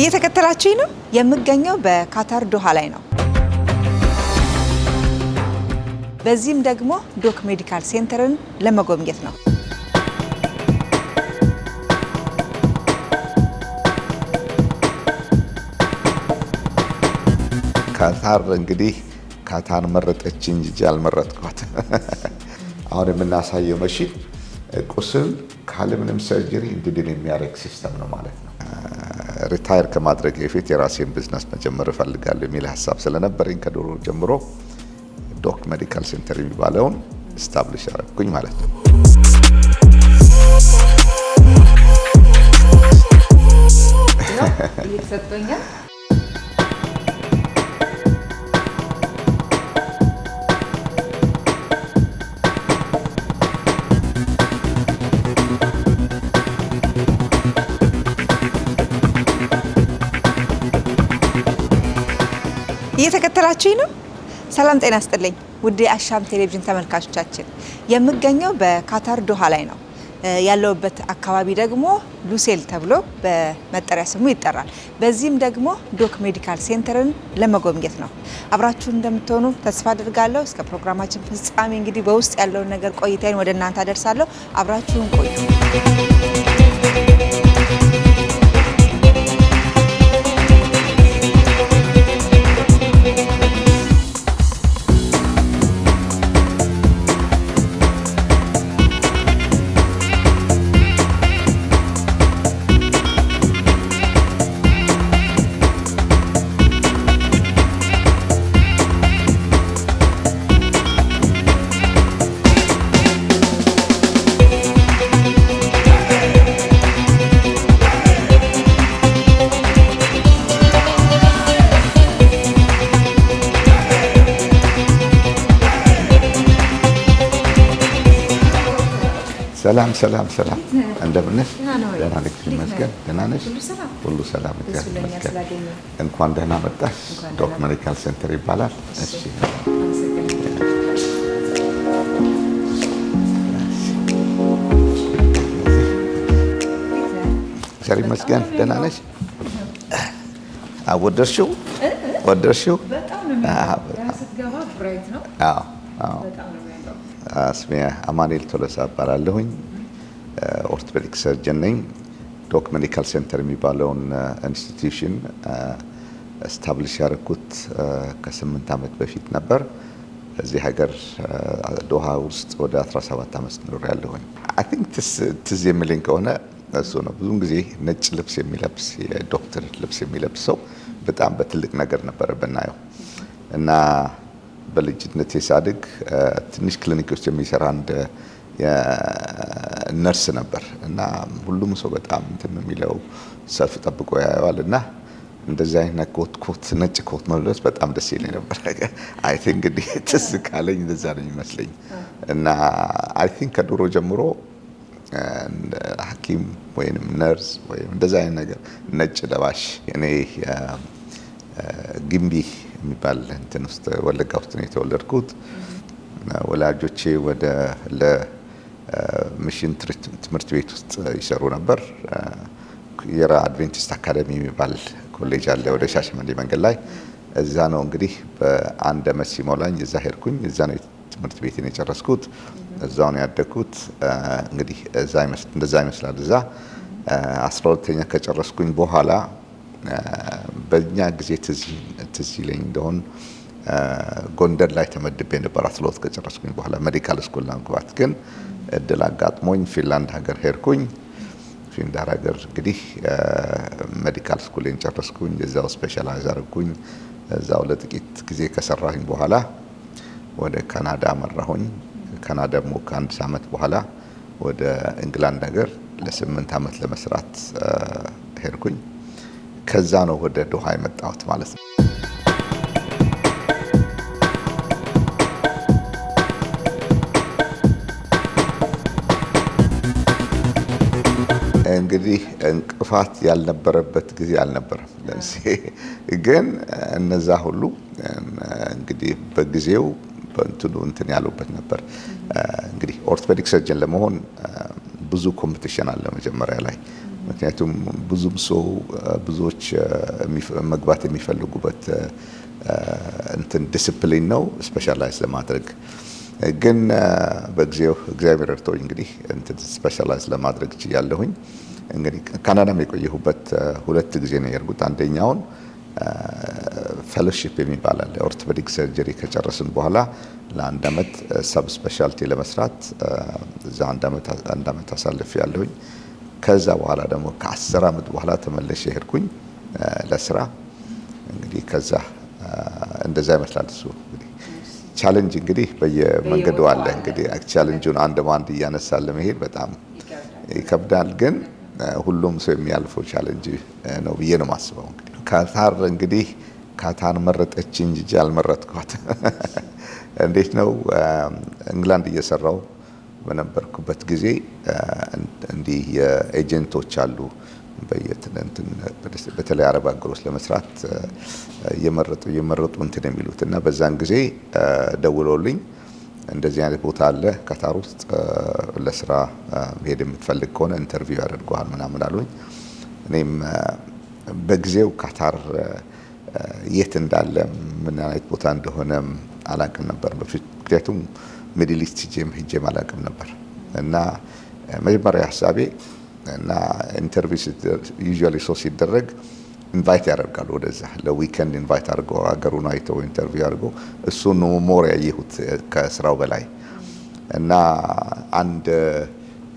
እየተከተላችሁኝ ነው። የምገኘው በካታር ዶሃ ላይ ነው። በዚህም ደግሞ ዶክ ሜዲካል ሴንተርን ለመጎብኘት ነው። ካታር እንግዲህ ካታር መረጠች እንጂ አልመረጥኳት። አሁን የምናሳየው መሽን ቁስል ካለ ሰርጀሪ እንድድን የሚያደርግ ሲስተም ነው ማለት ነው። ሪታየር ከማድረግ የፊት የራሴን ቢዝነስ መጀመር እፈልጋለሁ የሚል ሀሳብ ስለነበረኝ ከዶሮ ጀምሮ ዶክ ሜዲካል ሴንተር የሚባለውን ስታብሊሽ ያደረግኩኝ ማለት ነው። እየተከታተላችሁኝ ነው። ሰላም ጤና ስጥልኝ ውድ አሻም ቴሌቪዥን ተመልካቾቻችን፣ የምገኘው በካታር ዶሃ ላይ ነው። ያለውበት አካባቢ ደግሞ ሉሴል ተብሎ በመጠሪያ ስሙ ይጠራል። በዚህም ደግሞ ዶክ ሜዲካል ሴንተርን ለመጎብኘት ነው። አብራችሁን እንደምትሆኑ ተስፋ አድርጋለሁ። እስከ ፕሮግራማችን ፍጻሜ እንግዲህ በውስጥ ያለውን ነገር ቆይታን ወደ እናንተ አደርሳለሁ። አብራችሁን ቆዩ። ሰላም ሰላም፣ እንደምንሽ? ደህና ነሽ? ይመስገን። ደህና ነሽ? ሁሉ ሰላም፣ እግዚአብሔር ይመስገን። እንኳን ደህና መጣሽ። ዶክ ሜዲካል ሴንተር ይባላል። እሺ ሰሪ ይመስገን። ደህና ነሽ? ወደድሽው? ወደድሽው? ስሜ አማኑኤል ቶሎሳ እባላለሁኝ። ኦርቶፔዲክ ሰርጀን ነኝ። ዶክ ሜዲካል ሴንተር የሚባለውን ኢንስቲትዩሽን uh, ስታብሊሽ uh, ያደረኩት uh, ከስምንት ዓመት በፊት ነበር። እዚህ ሀገር ዶሃ ውስጥ ወደ 17 ዓመት ኖር ያለሁኝ። አይ ቲንክ ትዝ የሚለኝ ከሆነ እሱ ነው። ብዙውን ጊዜ ነጭ ልብስ የሚለብስ የዶክተር ልብስ የሚለብስ ሰው በጣም በትልቅ ነገር ነበረ ብናየው እና በልጅነት የሳድግ ትንሽ ክሊኒክ ውስጥ የሚሰራ አንድ ነርስ ነበር እና ሁሉም ሰው በጣም እንትን የሚለው ሰልፍ ጠብቆ ያየዋል እና እንደዚህ አይነት ኮት ኮት ነጭ ኮት መልበስ በጣም ደስ ይለኝ ነበር። አይ ቲንክ እንግዲህ ትዝ ካለኝ እንደዛ ነው የሚመስለኝ እና አይ ቲንክ ከድሮ ጀምሮ ሐኪም ወይም ነርስ ወይም እንደዛ አይነት ነገር ነጭ ለባሽ እኔ ግንቢ የሚባል እንትን ውስጥ ወለጋ ውስጥ ነው የተወለድኩት። ወላጆቼ ወደ ሚሽን ትምህርት ቤት ውስጥ ይሰሩ ነበር። የራ አድቬንቲስት አካደሚ የሚባል ኮሌጅ አለ ወደ ሻሸመኔ መንገድ ላይ እዛ ነው እንግዲህ በአንድ ዓመት ሲሞላኝ እዛ ሄድኩኝ። እዛ ነው ትምህርት ቤትን የጨረስኩት። እዛው ነው ያደግኩት። እንግዲህ እንደዛ ይመስላል። እዛ አስራ ሁለተኛ ከጨረስኩኝ በኋላ በእኛ ጊዜ ትዝ ይለኝ እንደሆን ጎንደር ላይ ተመድቤ ነበር። አስራ ሁለት ከጨረስኩኝ በኋላ ሜዲካል ስኩል ለመግባት ግን እድል አጋጥሞኝ ፊንላንድ ሀገር ሄድኩኝ። ፊንላንድ ሀገር እንግዲህ ሜዲካል ስኩልን ጨረስኩኝ። እዛው ስፔሻላይዝ አድርጉኝ። እዛው ለጥቂት ጊዜ ከሰራሁኝ በኋላ ወደ ካናዳ መራሁኝ። ካናዳ ደግሞ ከአንድ ሳምንት በኋላ ወደ እንግላንድ ሀገር ለስምንት ዓመት ለመስራት ሄድኩኝ። ከዛ ነው ወደ ዶሃ የመጣሁት ማለት ነው። እንግዲህ እንቅፋት ያልነበረበት ጊዜ አልነበረም። ለምሳሌ ግን እነዛ ሁሉ እንግዲህ በጊዜው በእንትኑ እንትን ያሉበት ነበር። እንግዲህ ኦርቶፔዲክ ሰርጀን ለመሆን ብዙ ኮምፒቲሽን አለ መጀመሪያ ላይ ምክንያቱም ብዙም ሰው ብዙዎች መግባት የሚፈልጉበት እንትን ዲስፕሊን ነው ስፔሻላይዝ ለማድረግ ግን በጊዜው እግዚአብሔር እርቶኝ እንግዲህ እንትን ስፔሻላይዝ ለማድረግ ችያለሁኝ። እንግዲህ ካናዳም የቆየሁበት ሁለት ጊዜ ነው የሄድኩት። አንደኛውን ፌሎሺፕ የሚባል አለ ኦርቶፔዲክ ሰርጀሪ ከጨረስን በኋላ ለአንድ አመት ሰብ ስፔሻልቲ ለመስራት እዛ አንድ አመት አሳልፍ ያለሁኝ። ከዛ በኋላ ደግሞ ከአስር አመት በኋላ ተመለሽ የሄድኩኝ ለስራ እንግዲህ ከዛ እንደዛ ይመስላል። እሱ እንግዲህ ቻለንጅ እንግዲህ በየመንገዱ አለ። እንግዲህ ቻለንጁን አንድ በአንድ እያነሳ ለመሄድ በጣም ይከብዳል ግን ሁሉም ሰው የሚያልፈው ቻለንጅ ነው ብዬ ነው ማስበው። ካታር እንግዲህ ካታን መረጠች እንጂ አልመረጥኳት። እንዴት ነው እንግላንድ እየሰራው በነበርኩበት ጊዜ እንዲህ የኤጀንቶች አሉ በተለይ አረብ ሀገር ለመስራት እየመረጡ እየመረጡ እንትን የሚሉት እና በዛን ጊዜ ደውሎልኝ እንደዚህ አይነት ቦታ አለ ካታር ውስጥ ለስራ መሄድ የምትፈልግ ከሆነ ኢንተርቪው ያደርገዋል ምናምን አሉኝ። እኔም በጊዜው ካታር የት እንዳለ ምን አይነት ቦታ እንደሆነ አላቅም ነበር በፊት ምክንያቱም ሚድል ኢስት ሂጄም ሂጄም አላቅም ነበር እና መጀመሪያ ሀሳቤ እና ኢንተርቪው ዩዥዋሊ ሶ ሲደረግ ኢንቫይት ያደርጋሉ ወደዛ ለዊከንድ ኢንቫይት አድርገው ሀገሩን አይተው ኢንተርቪው አድርገው እሱን ነው ሞር ያየሁት ከስራው በላይ እና አንድ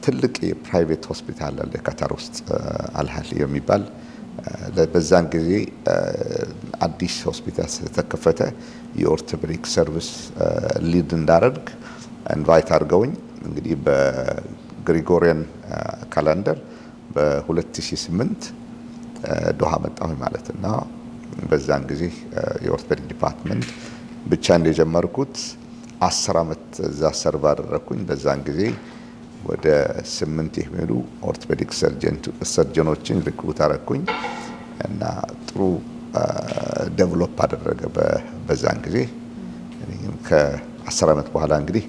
ትልቅ የፕራይቬት ሆስፒታል አለ ካታር ውስጥ አልሀል የሚባል በዛን ጊዜ አዲስ ሆስፒታል ስለተከፈተ የኦርቶፔዲክ ሰርቪስ ሊድ እንዳደርግ ኢንቫይት አድርገውኝ እንግዲህ በግሪጎሪያን ካላንደር በ2008 ዶሃ መጣሁኝ ማለት እና በዛን ጊዜ የኦርቶፔዲክ ዲፓርትመንት ብቻ እንደጀመርኩት አስር ዓመት እዛ ሰርቭ አደረግኩኝ። በዛን ጊዜ ወደ ስምንት የሚሆኑ ኦርቶፔዲክ ሰርጀኖችን ሪክሩት አደረግኩኝ እና ጥሩ ዴቨሎፕ አደረገ በዛን ጊዜ ከአስር ዓመት በኋላ እንግዲህ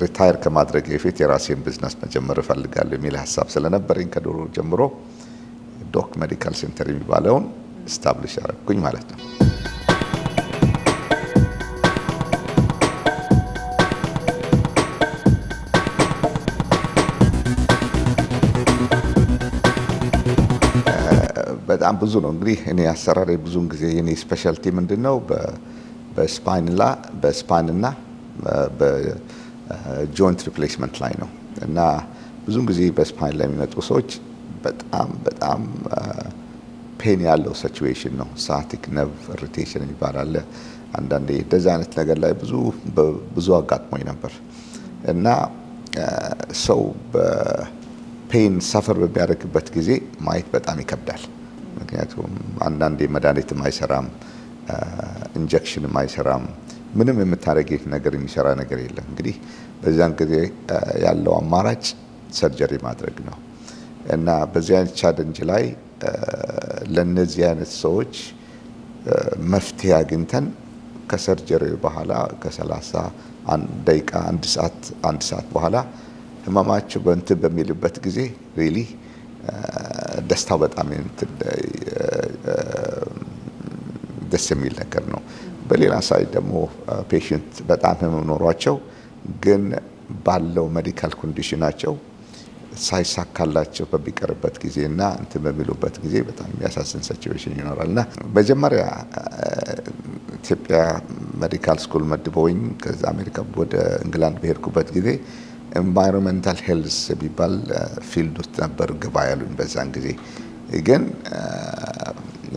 ሪታየር ከማድረግ የፊት የራሴን ቢዝነስ መጀመር እፈልጋለሁ የሚል ሀሳብ ስለነበረኝ ከዶሮ ጀምሮ ዶክ ሜዲካል ሴንተር የሚባለውን ስታብሊሽ ያደረግኩኝ ማለት ነው። በጣም ብዙ ነው እንግዲህ እኔ አሰራር ብዙውን ጊዜ የኔ ስፔሻልቲ ምንድን ነው በስፓይንላ በስፓንና ጆይንት ሪፕሌስመንት ላይ ነው እና ብዙን ጊዜ በስፓይን ላይ የሚመጡ ሰዎች በጣም በጣም ፔን ያለው ሲቹዌሽን ነው። ሳቲክ ነርቭ ኢሪቴሽን የሚባል አንዳንዴ እንደዚህ አይነት ነገር ላይ ብዙ ብዙ አጋጥሞኝ ነበር እና ሰው በፔን ሰፈር በሚያደርግበት ጊዜ ማየት በጣም ይከብዳል። ምክንያቱም አንዳንዴ መድኃኒትም አይሰራም፣ ኢንጀክሽንም አይሰራም፣ ምንም የምታደርግ ነገር የሚሰራ ነገር የለም እንግዲህ በዚያን ጊዜ ያለው አማራጭ ሰርጀሪ ማድረግ ነው እና በዚህ አይነት ቻለንጅ ላይ ለእነዚህ አይነት ሰዎች መፍትሄ አግኝተን ከሰርጀሪ በኋላ ከሰላሳ ደቂቃ አንድ ሰዓት አንድ ሰዓት በኋላ ህመማቸው በእንትን በሚልበት ጊዜ ሪሊ ደስታው በጣም ደስ የሚል ነገር ነው። በሌላ ሳይድ ደግሞ ፔሽንት በጣም ህመም ኖሯቸው ግን ባለው ሜዲካል ኮንዲሽናቸው ሳይሳካላቸው በሚቀርበት ጊዜ እና እንትን በሚሉበት ጊዜ በጣም የሚያሳስን ሲቹዌሽን ይኖራል እና መጀመሪያ ኢትዮጵያ ሜዲካል ስኩል መድበውኝ ከዛ አሜሪካ ወደ እንግላንድ በሄድኩበት ጊዜ ኤንቫይሮንመንታል ሄልስ የሚባል ፊልድ ውስጥ ነበር ግባ ያሉኝ። በዛን ጊዜ ግን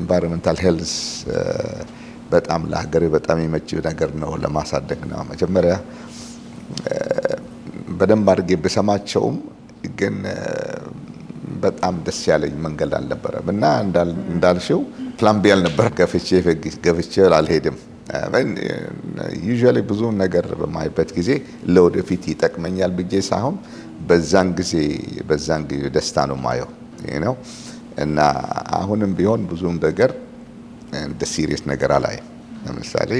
ኤንቫይሮንመንታል ሄልስ በጣም ለሀገሬ በጣም የመጪው ነገር ነው ለማሳደግ ነው መጀመሪያ በደንብ አድርጌ ብሰማቸውም ግን በጣም ደስ ያለኝ መንገድ አልነበረም እና እንዳልሽው ፕላን ቢ አልነበረ። ገፍቼ ገፍቼ አልሄድም። ዩዥዋሊ ብዙ ነገር በማይበት ጊዜ ለወደፊት ይጠቅመኛል ብዬ ሳይሆን በዛን ጊዜ በዛን ጊዜ ደስታ ነው ማየው ነው እና አሁንም ቢሆን ብዙ ነገር እንደ ሲሪየስ ነገር አላይም። ለምሳሌ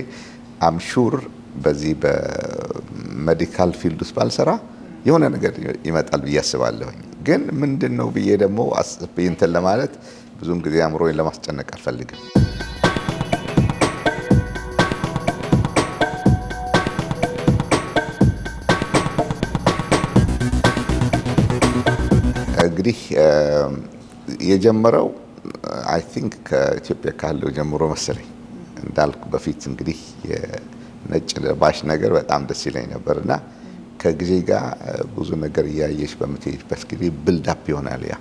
አምሹር በዚህ ሜዲካል ፊልድ ውስጥ ባልሰራ የሆነ ነገር ይመጣል ብዬ አስባለሁኝ። ግን ምንድን ነው ብዬ ደግሞ እንትን ለማለት ብዙም ጊዜ አእምሮዬን ለማስጨነቅ አልፈልግም። እንግዲህ የጀመረው አይ ቲንክ ከኢትዮጵያ ካለው ጀምሮ መሰለኝ እንዳልኩ በፊት እንግዲህ ነጭ ለባሽ ነገር በጣም ደስ ይለኝ ነበር እና ከጊዜ ጋር ብዙ ነገር እያየሽ በምትሄጅበት ጊዜ ብልዳፕ ይሆናል ያ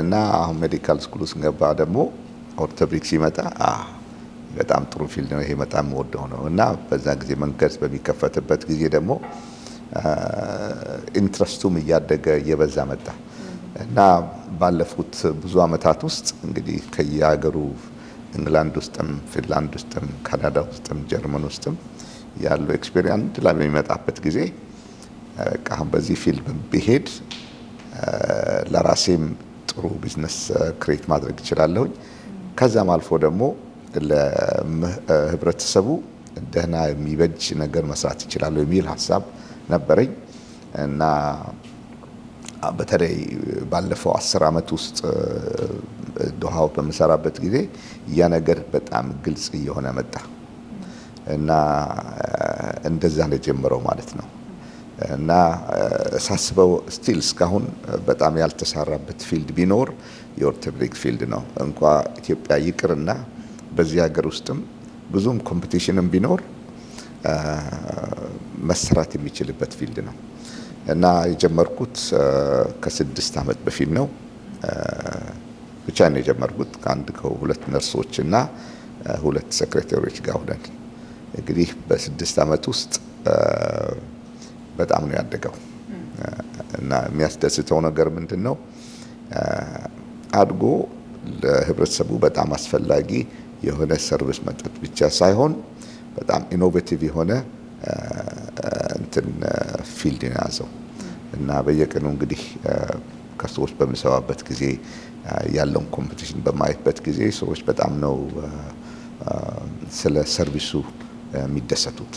እና አሁን ሜዲካል ስኩል ውስጥ ገባ ደግሞ ኦርቶፔዲክ ሲመጣ በጣም ጥሩ ፊልድ ነው ይሄ በጣም ወደው ነው እና በዛ ጊዜ መንገድ በሚከፈትበት ጊዜ ደግሞ ኢንትረስቱም እያደገ እየበዛ መጣ እና ባለፉት ብዙ አመታት ውስጥ እንግዲህ ከየሀገሩ እንግላንድ ውስጥም ፊንላንድ ውስጥም ካናዳ ውስጥም ጀርመን ውስጥም ያለው ኤክስፔሪንስ ላይ ጊዜ በቃ አሁን በዚህ ፊልድ ብሄድ ለራሴም ጥሩ ቢዝነስ ክሬት ማድረግ እችላለሁኝ። ከዛም አልፎ ደግሞ ለህብረተሰቡ ደህና የሚበጅ ነገር መስራት እችላለሁ የሚል ሀሳብ ነበረኝ እና በተለይ ባለፈው አስር ዓመት ውስጥ ዶሃው በምሰራበት ጊዜ ያ ነገር በጣም ግልጽ እየሆነ መጣ። እና እንደዛ ነው የጀመረው ማለት ነው። እና ሳስበው ስቲል እስካሁን በጣም ያልተሰራበት ፊልድ ቢኖር የኦርቶፔዲክ ፊልድ ነው። እንኳ ኢትዮጵያ ይቅርና በዚህ ሀገር ውስጥም ብዙም ኮምፒቲሽንም ቢኖር መሰራት የሚችልበት ፊልድ ነው እና የጀመርኩት ከስድስት ዓመት በፊት ነው ብቻ ነው የጀመርኩት ከአንድ ከሁለት ነርሶች እና ሁለት ሴክሬታሪዎች ጋር ሁነን እንግዲህ በስድስት ዓመት ውስጥ በጣም ነው ያደገው እና የሚያስደስተው ነገር ምንድን ነው? አድጎ ለህብረተሰቡ በጣም አስፈላጊ የሆነ ሰርቪስ መጠጥ ብቻ ሳይሆን በጣም ኢኖቬቲቭ የሆነ እንትን ፊልድ ያዘው እና በየቀኑ እንግዲህ ከሰዎች በምሰባበት ጊዜ ያለውን ኮምፒቲሽን በማየትበት ጊዜ ሰዎች በጣም ነው ስለ ሰርቪሱ የሚደሰቱት።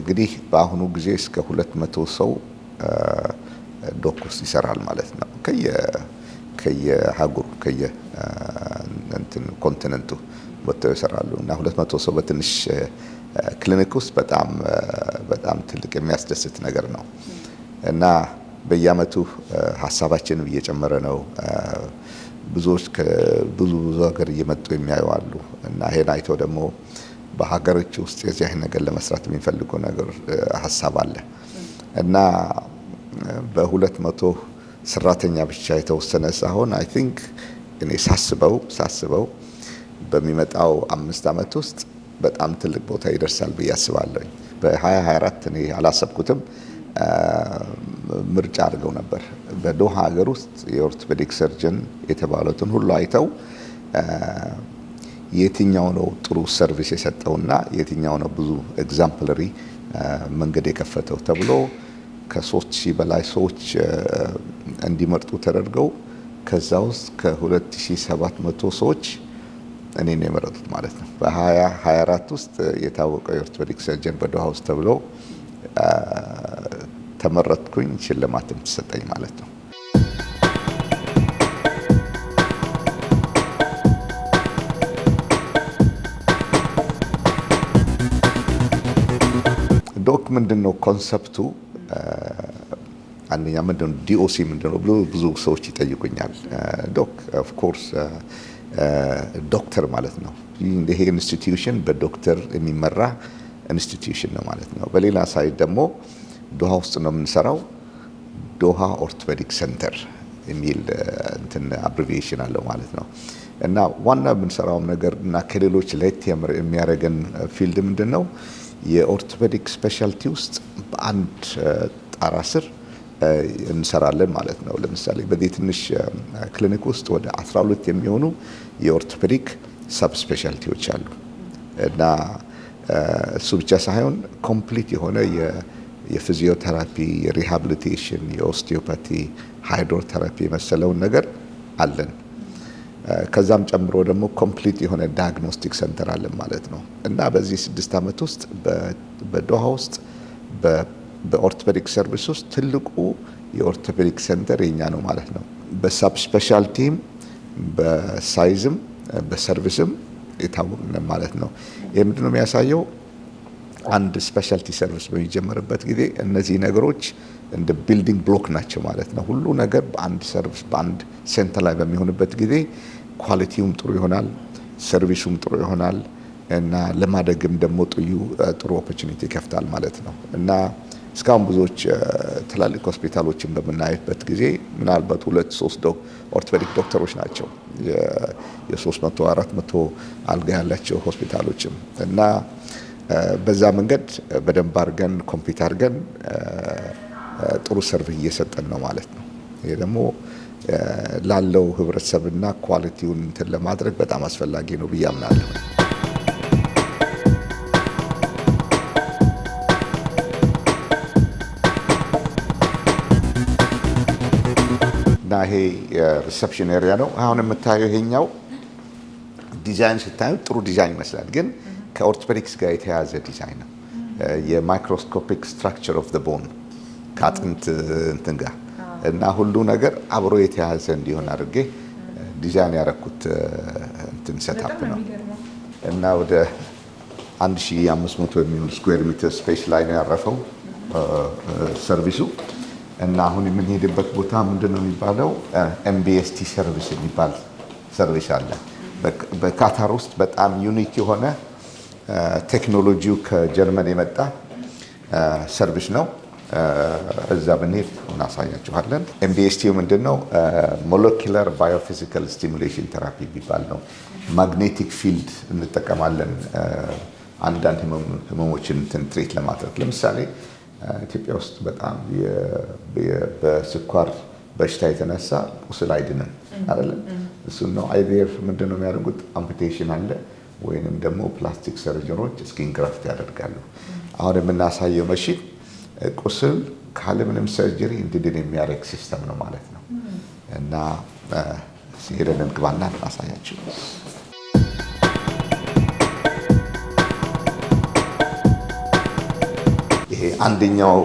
እንግዲህ በአሁኑ ጊዜ እስከ ሁለት መቶ ሰው ዶክ ውስጥ ይሰራል ማለት ነው። ከየሀገሩ ከየኮንቲነንቱ ወጥተው ይሰራሉ እና ሁለት መቶ ሰው በትንሽ ክሊኒክ ውስጥ በጣም በጣም ትልቅ የሚያስደስት ነገር ነው እና በየአመቱ ሀሳባችን እየጨመረ ነው። ብዙዎች ብዙ ብዙ ሀገር እየመጡ የሚያዩ አሉ እና ይሄን አይቶ ደግሞ በሀገሮች ውስጥ የዚህ አይነት ነገር ለመስራት የሚፈልጉ ነገር ሀሳብ አለ እና በሁለት መቶ ሰራተኛ ብቻ የተወሰነ ሳይሆን አይ ቲንክ እኔ ሳስበው ሳስበው በሚመጣው አምስት አመት ውስጥ በጣም ትልቅ ቦታ ይደርሳል ብዬ አስባለሁ። በ2024 እኔ አላሰብኩትም ምርጫ አድርገው ነበር። በዶሃ ሀገር ውስጥ የኦርቶፔዲክ ሰርጀን የተባሉትን ሁሉ አይተው የትኛው ነው ጥሩ ሰርቪስ የሰጠውና የትኛው ነው ብዙ ኤግዛምፕለሪ መንገድ የከፈተው ተብሎ ከሶስት ሺህ በላይ ሰዎች እንዲመርጡ ተደርገው ከዛ ውስጥ ከ2700 ሰዎች እኔ ነው የመረጡት ማለት ነው። በ2024 ውስጥ የታወቀው የኦርቶፔዲክ ሰርጀን በዶሃ ውስጥ ተብሎ ተመረጥኩኝ፣ ሽልማት የምትሰጠኝ ማለት ነው። ዶክ ምንድን ነው ኮንሰፕቱ? አንደኛ ምንድነው ዲኦሲ ምንድነው ብሎ ብዙ ሰዎች ይጠይቁኛል። ዶክ ኦፍኮርስ ዶክተር ማለት ነው። ይሄ ኢንስቲትዩሽን በዶክተር የሚመራ ኢንስቲትዩሽን ነው ማለት ነው። በሌላ ሳይድ ደግሞ ዶሃ ውስጥ ነው የምንሰራው። ዶሃ ኦርቶፔዲክ ሴንተር የሚል እንትን አብሪቪዬሽን አለው ማለት ነው። እና ዋና የምንሰራውም ነገር እና ከሌሎች ለየት የሚያደርገን ፊልድ ምንድን ነው? የኦርቶፔዲክ ስፔሻልቲ ውስጥ በአንድ ጣራ ስር እንሰራለን ማለት ነው። ለምሳሌ በዚህ ትንሽ ክሊኒክ ውስጥ ወደ 12 የሚሆኑ የኦርቶፔዲክ ሰብ ስፔሻልቲዎች አሉ እና እሱ ብቻ ሳይሆን ኮምፕሊት የሆነ የፊዚዮተራፒ፣ የሪሃብሊቴሽን፣ የኦስቲዮፓቲ፣ ሃይድሮተራፒ የመሰለውን ነገር አለን። ከዛም ጨምሮ ደግሞ ኮምፕሊት የሆነ ዳያግኖስቲክ ሰንተር አለን ማለት ነው እና በዚህ ስድስት ዓመት ውስጥ በዶሃ ውስጥ በኦርቶፔዲክ ሰርቪስ ውስጥ ትልቁ የኦርቶፔዲክ ሰንተር የኛ ነው ማለት ነው። ስፔሻልቲም በሳይዝም በሰርቪስም የታወቅነ ማለት ነው። ይህ ምንድነው የሚያሳየው? አንድ ስፔሻልቲ ሰርቪስ በሚጀመርበት ጊዜ እነዚህ ነገሮች እንደ ቢልዲንግ ብሎክ ናቸው ማለት ነው። ሁሉ ነገር በአንድ ሰርቪስ በአንድ ሴንተር ላይ በሚሆንበት ጊዜ ኳሊቲውም ጥሩ ይሆናል፣ ሰርቪሱም ጥሩ ይሆናል እና ለማደግም ደግሞ ጥዩ ጥሩ ኦፖርቹኒቲ ይከፍታል ማለት ነው እና እስካሁን ብዙዎች ትላልቅ ሆስፒታሎችን በምናየበት ጊዜ ምናልባት ሁለት ሶስት ኦርቶፔዲክ ዶክተሮች ናቸው የ መቶ መቶ አልጋ ያላቸው ሆስፒታሎችም እና በዛ መንገድ በደንብ አድርገን ኮምፒት አድርገን ጥሩ ሰርቪስ እየሰጠን ነው ማለት ነው። ይሄ ደግሞ ላለው ህብረተሰብና ኳሊቲውን እንትን ለማድረግ በጣም አስፈላጊ ነው ብዬ አምናለሁ። እና ይሄ ሪሰፕሽን ኤሪያ ነው። አሁን የምታየው ይሄኛው ዲዛይን ስታዩ ጥሩ ዲዛይን ይመስላል ግን ከኦርቶፔዲክስ ጋር የተያያዘ ዲዛይን ነው። የማይክሮስኮፒክ ስትራክቸር ኦፍ ዘ ቦን ከአጥንት እንትን ጋር እና ሁሉ ነገር አብሮ የተያያዘ እንዲሆን አድርጌ ዲዛይን ያደረኩት እንትን ሰታፕ ነው እና ወደ 1500 የሚሆን ስኩዌር ሜትር ስፔስ ላይ ነው ያረፈው ሰርቪሱ። እና አሁን የምንሄድበት ቦታ ምንድን ነው የሚባለው? ኤምቢኤስቲ ሰርቪስ የሚባል ሰርቪስ አለ በካታር ውስጥ በጣም ዩኒክ የሆነ ቴክኖሎጂው ከጀርመን የመጣ ሰርቪስ ነው። እዛ ብንሄድ እናሳያችኋለን። ኤምቢኤስቲው ምንድን ነው? ሞለኪለር ባዮፊዚካል ስቲሙሌሽን ቴራፒ የሚባል ነው። ማግኔቲክ ፊልድ እንጠቀማለን አንዳንድ ህመሞችን እንትን ትሬት ለማድረግ ለምሳሌ ኢትዮጵያ ውስጥ በጣም በስኳር በሽታ የተነሳ ቁስል አይድንም አይደለም። እሱን ነው አይቪኤፍ ምንድነው የሚያደርጉት? አምፑቴሽን አለ ወይንም ደግሞ ፕላስቲክ ሰርጀኖች ስኪን ግራፍት ያደርጋሉ። አሁን የምናሳየው መሽን ቁስል ካለ ምንም ሰርጀሪ እንዲድን የሚያደርግ ሲስተም ነው ማለት ነው እና ሄደን እንግባና እናሳያችሁ። ይሄ አንደኛው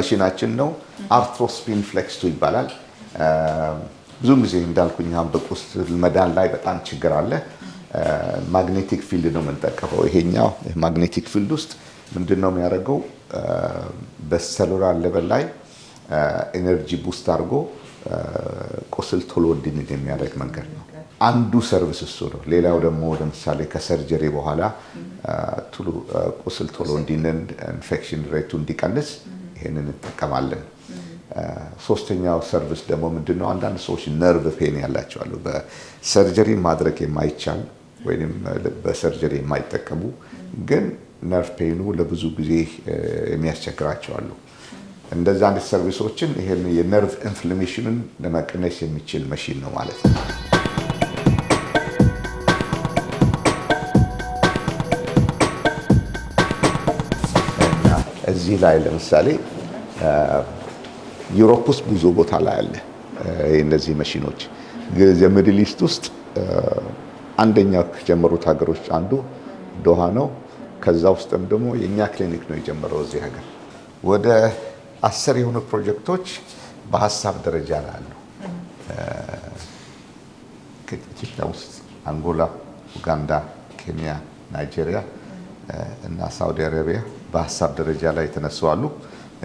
መሽናችን ነው። አርትሮስፒን ፍሌክስቱ ይባላል። ብዙም ጊዜ እንዳልኩኝ በቁስል መዳን ላይ በጣም ችግር አለ። ማግኔቲክ ፊልድ ነው የምንጠቀመው። ይሄኛው ማግኔቲክ ፊልድ ውስጥ ምንድን ነው የሚያደርገው? በሰሉላር ሌቨል ላይ ኤነርጂ ቡስት አድርጎ ቁስል ቶሎ እንዲድን የሚያደርግ መንገድ ነው። አንዱ ሰርቪስ እሱ ነው። ሌላው ደግሞ ለምሳሌ ከሰርጀሪ በኋላ ቱሉ ቁስል ቶሎ እንዲድን፣ ኢንፌክሽን ሬቱ እንዲቀንስ ይህንን እንጠቀማለን። ሶስተኛው ሰርቪስ ደግሞ ምንድነው አንዳንድ ሰዎች ነርቭ ፔን ያላቸዋሉ። በሰርጀሪ ማድረግ የማይቻል ወይም በሰርጀሪ የማይጠቀሙ ግን ነርቭ ፔኑ ለብዙ ጊዜ የሚያስቸግራቸው አሉ። እንደዚ አይነት ሰርቪሶችን ይሄን የነርቭ ኢንፍላሜሽንን ለመቀነስ የሚችል መሽን ነው ማለት ነው። እዚህ ላይ ለምሳሌ ዩሮፕ ውስጥ ብዙ ቦታ ላይ አለ እነዚህ መሽኖች፣ ግን የሚድል ኢስት ውስጥ አንደኛ ከጀመሩት ሀገሮች አንዱ ዶሃ ነው። ከዛ ውስጥም ደግሞ የእኛ ክሊኒክ ነው የጀመረው እዚህ ሀገር። ወደ አስር የሆኑ ፕሮጀክቶች በሀሳብ ደረጃ ላይ አሉ። ኢትዮጵያ ውስጥ አንጎላ፣ ኡጋንዳ፣ ኬንያ፣ ናይጄሪያ እና ሳውዲ አረቢያ በሀሳብ ደረጃ ላይ የተነሱ አሉ።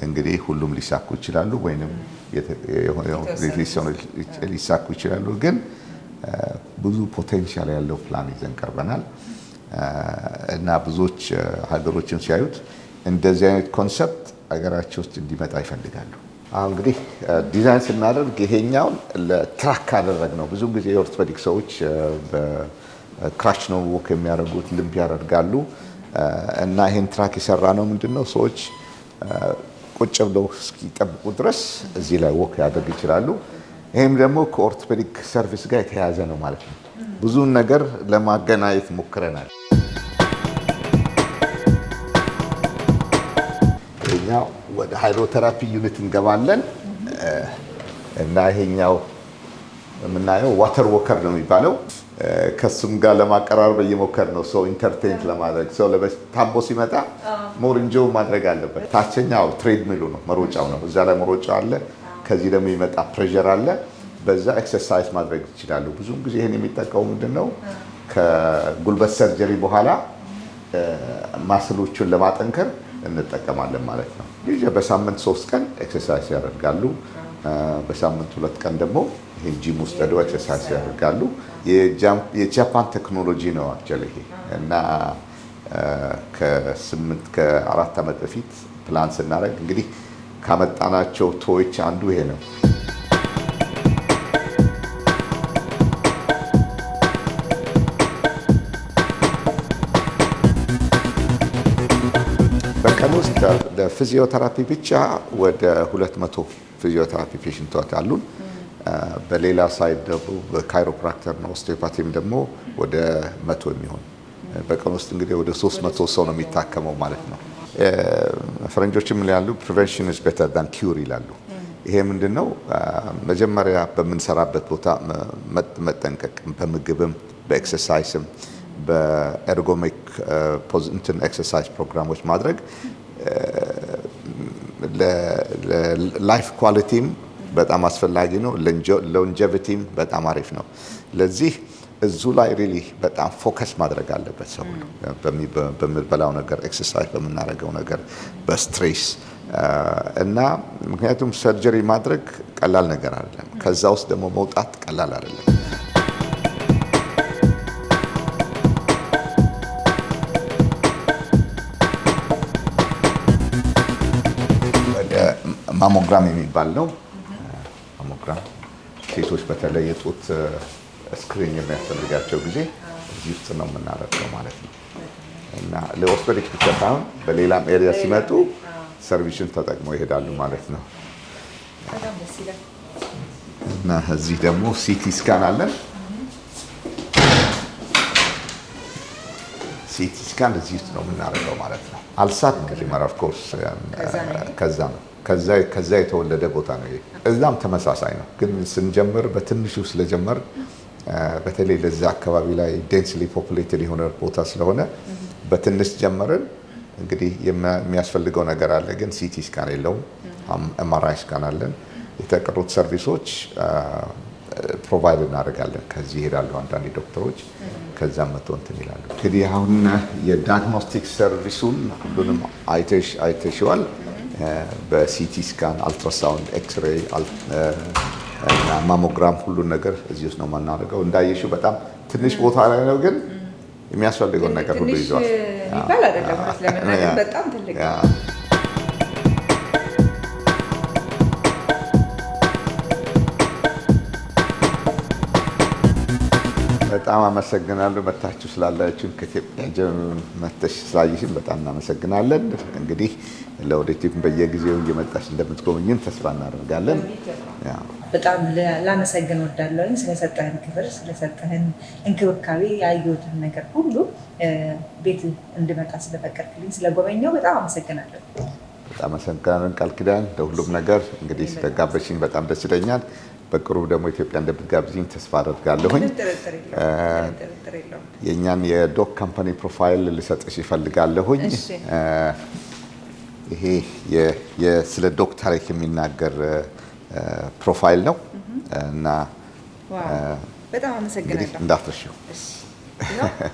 እንግዲህ ሁሉም ሊሳኩ ይችላሉ ወይም ሊሳኩ ይችላሉ ግን ብዙ ፖቴንሻል ያለው ፕላን ይዘን ቀርበናል እና ብዙዎች ሀገሮችን ሲያዩት እንደዚህ አይነት ኮንሰፕት ሀገራቸው ውስጥ እንዲመጣ ይፈልጋሉ። አሁን እንግዲህ ዲዛይን ስናደርግ ይሄኛውን ለትራክ አደረግ ነው። ብዙ ጊዜ የኦርቶፔዲክ ሰዎች በክራች ነው ወክ የሚያደርጉት፣ ልምድ ያደርጋሉ እና ይህን ትራክ የሰራ ነው ምንድን ነው ሰዎች ቁጭ ብለው እስኪጠብቁ ድረስ እዚህ ላይ ወክ ያደርግ ይችላሉ። ይህም ደግሞ ከኦርቶፔዲክ ሰርቪስ ጋር የተያያዘ ነው ማለት ነው። ብዙን ነገር ለማገናኘት ሞክረናል። ይሄኛው ወደ ሃይድሮቴራፒ ዩኒት እንገባለን እና ይሄኛው የምናየው ዋተር ወከር ነው የሚባለው። ከሱም ጋር ለማቀራረብ እየሞከር ነው፣ ሰው ኢንተርቴንት ለማድረግ ሰው ታቦ ሲመጣ ሞር እንጆ ማድረግ አለበት። ታችኛው ትሬድ ሚሉ ነው፣ መሮጫው ነው። እዛ ላይ መሮጫ አለ። ከዚህ ደግሞ የመጣ ፕሬዠር አለ። በዛ ኤክሰርሳይዝ ማድረግ ይችላሉ። ብዙም ጊዜ ይህን የሚጠቀሙ ምንድን ነው ከጉልበት ሰርጀሪ በኋላ ማስሎቹን ለማጠንከር እንጠቀማለን ማለት ነው። በሳምንት ሶስት ቀን ኤክሰርሳይዝ ያደርጋሉ። በሳምንት ሁለት ቀን ደግሞ ይህን ጂም ውስጥ ሄደው ኤክሰርሳይዝ ያደርጋሉ። የጃፓን ቴክኖሎጂ ነው አክቹዋሊ ይሄ እና ከስምንት ከአራት ዓመት በፊት ፕላን ስናደርግ እንግዲህ ካመጣናቸው ቶዎች አንዱ ይሄ ነው። በቀን ውስጥ ለፊዚዮቴራፒ ብቻ ወደ 200 ፊዚዮተራፒ ፔሽንቶች አሉን። በሌላ ሳይድ ደግሞ ካይሮፕራክተር በካይሮፕራክተርና ኦስቴፓቲም ደግሞ ወደ መቶ የሚሆን በቀን ውስጥ እንግዲህ ወደ 300 ሰው ነው የሚታከመው ማለት ነው። ፈረንጆችም ያሉ ፕሪቨንሽን ኢዝ ቤተር ዳን ኪውር ይላሉ። ይሄ ምንድን ነው? መጀመሪያ በምንሰራበት ቦታ መጠንቀቅ በምግብም በኤክሰርሳይስም በኤርጎሚክ እንትን ኤክሰርሳይዝ ፕሮግራሞች ማድረግ ላይፍ ኳሊቲም በጣም አስፈላጊ ነው። ሎንጀቪቲም በጣም አሪፍ ነው። ለዚህ እዙ ላይ ሪሊ በጣም ፎከስ ማድረግ አለበት ሰው በምንበላው ነገር፣ ኤክሰርሳይዝ በምናደርገው ነገር፣ በስትሬስ እና ምክንያቱም ሰርጀሪ ማድረግ ቀላል ነገር አይደለም። ከዛ ውስጥ ደግሞ መውጣት ቀላል አይደለም። ማሞግራም የሚባል ነው። ማሞግራም ሴቶች በተለይ የጡት ስክሪን የሚያስፈልጋቸው ጊዜ እዚህ ውስጥ ነው የምናደርገው ማለት ነው። እና ለኦርቶዶክስ ብቻ ሳይሆን በሌላም ኤሪያ ሲመጡ ሰርቪሱን ተጠቅመው ይሄዳሉ ማለት ነው። እና እዚህ ደግሞ ሲቲ ስካን አለን። ሲቲ ስካን እዚህ ውስጥ ነው የምናደርገው ማለት ነው። አልሳት መጀመሪያ ኦፍኮርስ ከዛ ነው ከዛ የተወለደ ቦታ ነው። እዛም ተመሳሳይ ነው፣ ግን ስንጀምር በትንሹ ስለጀመር በተለይ ለዛ አካባቢ ላይ ዴንስሊ ፖፕሌትድ የሆነ ቦታ ስለሆነ በትንሽ ጀመርን። እንግዲህ የሚያስፈልገው ነገር አለ፣ ግን ሲቲ ስካን የለውም፣ ኤምአርአይ ስካን አለን። የተቀሩት ሰርቪሶች ፕሮቫይድ እናደርጋለን። ከዚህ ይሄዳሉ አንዳንድ ዶክተሮች፣ ከዛም መቶ እንትን ይላሉ። እንግዲህ አሁን የዳግኖስቲክ ሰርቪሱን ሁሉንም አይተሽዋል። በሲቲ ስካን፣ አልትራሳውንድ፣ ኤክስሬይ ማሞግራም ሁሉን ነገር እዚህ ውስጥ ነው የምናደርገው። እንዳየሽው በጣም ትንሽ ቦታ ላይ ነው ግን የሚያስፈልገውን ነገር ሁሉ ይዟል። በጣም አመሰግናለሁ። መታችሁ ስላላችሁን ከኢትዮጵያ ጀምር መተሽ ስላየሽን በጣም እናመሰግናለን። እንግዲህ ለወደፊቱም በየጊዜው እየመጣሽ እንደምትጎበኝን ተስፋ እናደርጋለን። በጣም ላመሰግን ወዳለን ስለሰጠህን ክብር፣ ስለሰጠህን እንክብካቤ፣ ያየሁትን ነገር ሁሉ ቤት እንድመጣ ስለፈቀድክልኝ፣ ስለጎበኘው በጣም አመሰግናለሁ። በጣም አመሰግናለን ቃል ኪዳን ለሁሉም ነገር። እንግዲህ ስለጋበሽኝ በጣም ደስ ይለኛል። በቅርቡ ደግሞ ኢትዮጵያ እንደምትጋብዝኝ ተስፋ አደርጋለሁኝ። የእኛን የዶክ ካምፓኒ ፕሮፋይል ልሰጥሽ ይፈልጋለሁኝ። ይሄ ስለ ዶክ ታሪክ የሚናገር ፕሮፋይል ነው እና በጣም አመሰግናለሁ። እንዳትረሺው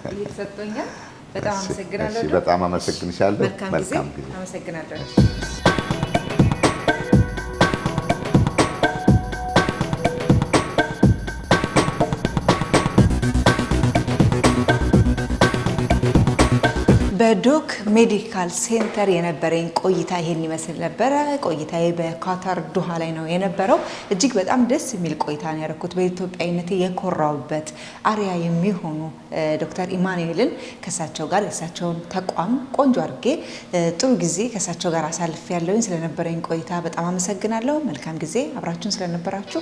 ተሰጥቶኛል። በጣም አመሰግናለሁ። በጣም አመሰግንሻለሁ። መልካም ጊዜ። አመሰግናለሁ። በዶክ ሜዲካል ሴንተር የነበረኝ ቆይታ ይሄን ይመስል ነበረ። ቆይታዬ በካታር ዱሃ ላይ ነው የነበረው። እጅግ በጣም ደስ የሚል ቆይታ ነው ያደረኩት። በኢትዮጵያዊነት የኮራውበት አሪያ የሚሆኑ ዶክተር ኢማኑኤልን ከእሳቸው ጋር የእሳቸውን ተቋም ቆንጆ አድርጌ ጥሩ ጊዜ ከእሳቸው ጋር አሳልፍ ያለውኝ ስለነበረኝ ቆይታ በጣም አመሰግናለሁ። መልካም ጊዜ አብራችሁን ስለነበራችሁ